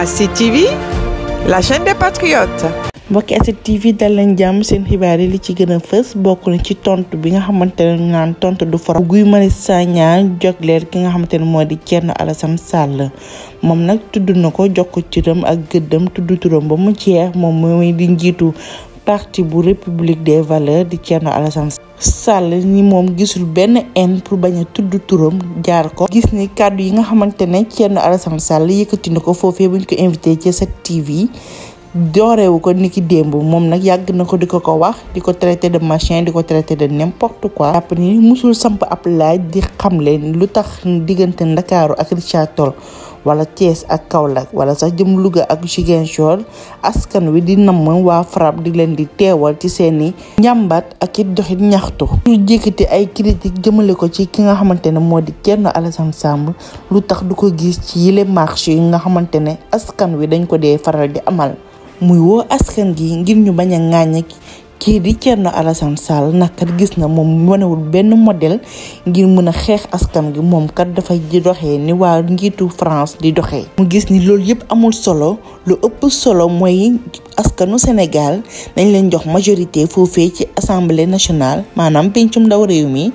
ASID TV la chaîne des seen xibaar yi li ci gën a fës bokk na ci tontu bi nga xamante ne tontu du foro. Guy Marius Sagna jogleer ki nga xamante ne moo di Thierno Alassane Sall moom nag tudd na ko jox ko cëram ak gëddam tudd turam ba mu jeex moom mooy di njiitu. parti bu république des valeur di Thierno Alassane Sall ni moom gisul benn haine pour bañ a tudd turam jaar ko gis ni kàddu yi nga xamante ne Thierno Alassane Sall yëkkati na ko foofee buñ ko invité ci 7TV doorewu ko niki démb moom nag yàgg na ko di ko ko wax di ko traité de machin di ko traité de n'importe quoi jàpp ni musul samp ab laaj di xamle lu tax diggante Ndakaaru ak Richard Toll wala Thiès ak Kaolack wala sax jëm Louga ak Ziguinchor askan wi di namm waa FRAPP di leen di teewal ci seeni njàmbat ak it doxit ñaxtu ñu jékkati ay critique jëmale ko ci ki nga xamante ne moo di kenn Alassane Samb lu tax du ko gis ci yile marche yi nga xamante ne askan wi dañ ko dee faral di amal muy woo askan gi ngir ñu bañ a ŋàññi ci di Thierno Alassane Sall nag kat gis na moom wanewul benn modèle ngir mën a xeex askan gi moom kat dafay doxe ni waa njiitu France di doxe mu gis ni loolu yëpp amul solo lu ëpp solo mooy askanu Sénégal dañ leen jox majorité foofee ci assemblée nationale maanaam pencum ndaw réew mi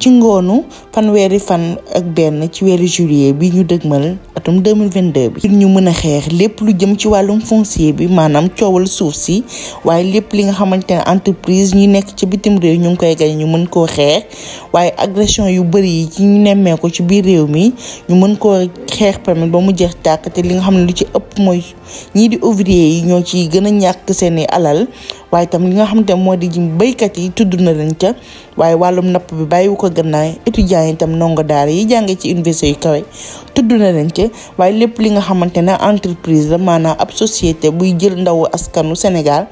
ci ngoonu fanweeri fan ak benn ci weeru juillet bi ñu dëgmal atum 2022 bi. ngir ñu mën a xeex lépp lu jëm ci wàllum foncier bi maanaam coowal suuf si waaye lépp li nga xamante ne entreprise ñi nekk ci bitim réew ñu ngi koy gañ ñu mën koo xeex waaye agression yu bëri yi ci ñu nemmee ko ci biir réew mi ñu mën koo xeex permis ba mu jeex tàkk te li nga xam ne lu ci ëpp. mooy ñii di ouvrier yi ñoo ci gën a ñàkk seeni alal waaye tam li nga xamante moo di ji béykat yi tudd na leen ca waaye wàllum napp bi bàyyiwu ko gannaaw étudiants yi tam ndongo daara yi jàngee ci université yu kawe tudd na leen ca waaye lépp li nga xamante ne entreprise la maanaam ab société buy jël ndaw askanu Sénégal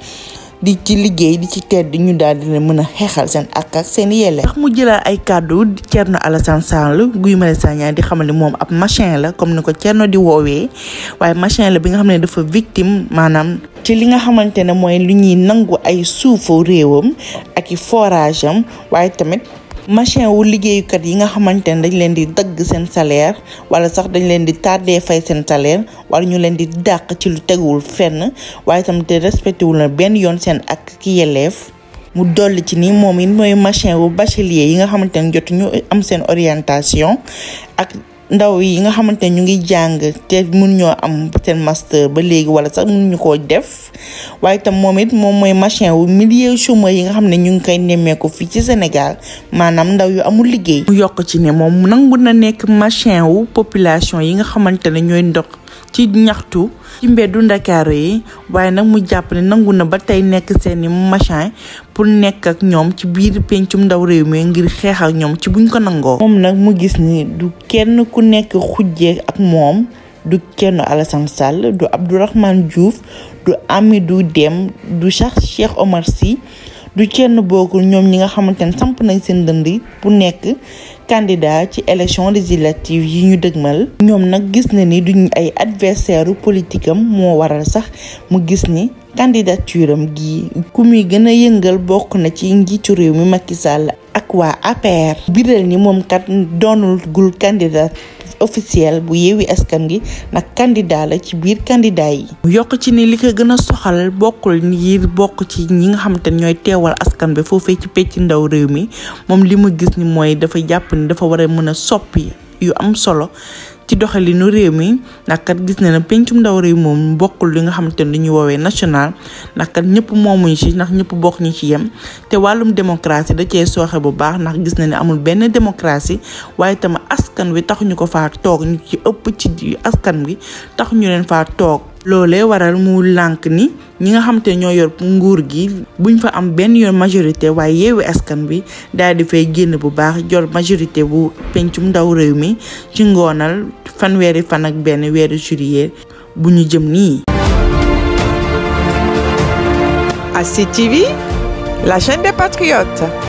di ci liggéey di ci tedd ñu daal dina mën a xeexal seen ak ak seen yelle wax mu jëlaat ay kàddu Thierno Alassane Sall Guy Marius Sagna di xamal ne moom ab machin la comme ni ko Thierno di woowee waaye machin la bi nga xam ne dafa victime maanaam ci li nga xamante ne mooy li ñuy nangu ay suufu réewam ak i forage am waaye tamit machin wu liggéeyukat yi nga xamante ne dañ leen di dagg seen salaire wala sax dañ leen di tardé fay seen salaire wala ñu leen di dàq ci lu teguwul fenn waaye tamit respecté wul na benn yoon seen ak ki yelleef mu dolli ci ni moom it mooy machin wu bachelier yi nga xamante ne jotuñu am seen orientation ak ndaw yi nga xamante ne ñu ngi jàng te mun ñoo am seen master ba léegi wala sax mun ñu koo def waaye itam moom it moom mooy machine wu milieu chômeur yi nga xam ne ñu ngi koy nemmeeku fii ci Sénégal maanaam ndaw yu amul liggéey. mu yokk ci ne moom nangu na nekk machin wu population yi nga xamante ne ñooy ndox. ci ñaxtu ci mbeddu ndakaaru yi waaye nag mu jàpp ne nangu na ba tey nekk seeni machin pour nekk ak ñoom ci biir pencum ndaw réew mi ngir xeex ak ñoom ci buñ ko nangoo moom nag mu gis ni du kenn ku nekk xujjee ak moom du kenn Alassane Sall du Abdourahmane Diouf du Amidou Dème du sax Cheikh Omar si du kenn bokkul ñoom ñi nga xamante ne samp nañ seen dënd bu nekk candidat ci élection législative yi ñu dëgmal ñoom nag gis na ni duñ ay adversaire politikam moo waral sax mu gis ni candidature gi ku muy gën a yëngal bokk na ci cu réew mi Macky sàll ak waa APR biral ni moom kat doonul gul candidat officiel bu yeewi askan gi nag candidat la ci biir candidat yi. mu yokk ci ne li ko gën a soxal bokkul yi bokk ci ñi nga xamante ne ñooy teewal askan bi foofee ci pecc ndaw réew mi moom li ma gis ni mooy dafa jàpp ni dafa war a mën a soppi yu am solo. ci doxalinu réew mi ndax kat gis na ne pencum ndaw réew moom bokkul li nga xamante ne lu ñuy woowee national ndax kat ñëpp moomuñu ci ndax ñëpp bokk ñu ci yem te wàllum démocratie da cee sooxe bu baax ndax gis na ne amul benn démocratie waaye tamit askan wi taxuñu ko faa toog ñu ci ëpp ci askan wi taxuñu leen faa toog. loole waral mu lànk ni ñi nga xam te ñoo yor nguur gi buñ fa am benn yoon majorité waaye yeewi askan bi daal di fay génn bu baax jor majorité bu pencum ndaw réew mi ci ngoonal fanweeri fan ak benn weeri juillet bu ñu jëm nii. ASID TV, la chaîne des patriotes.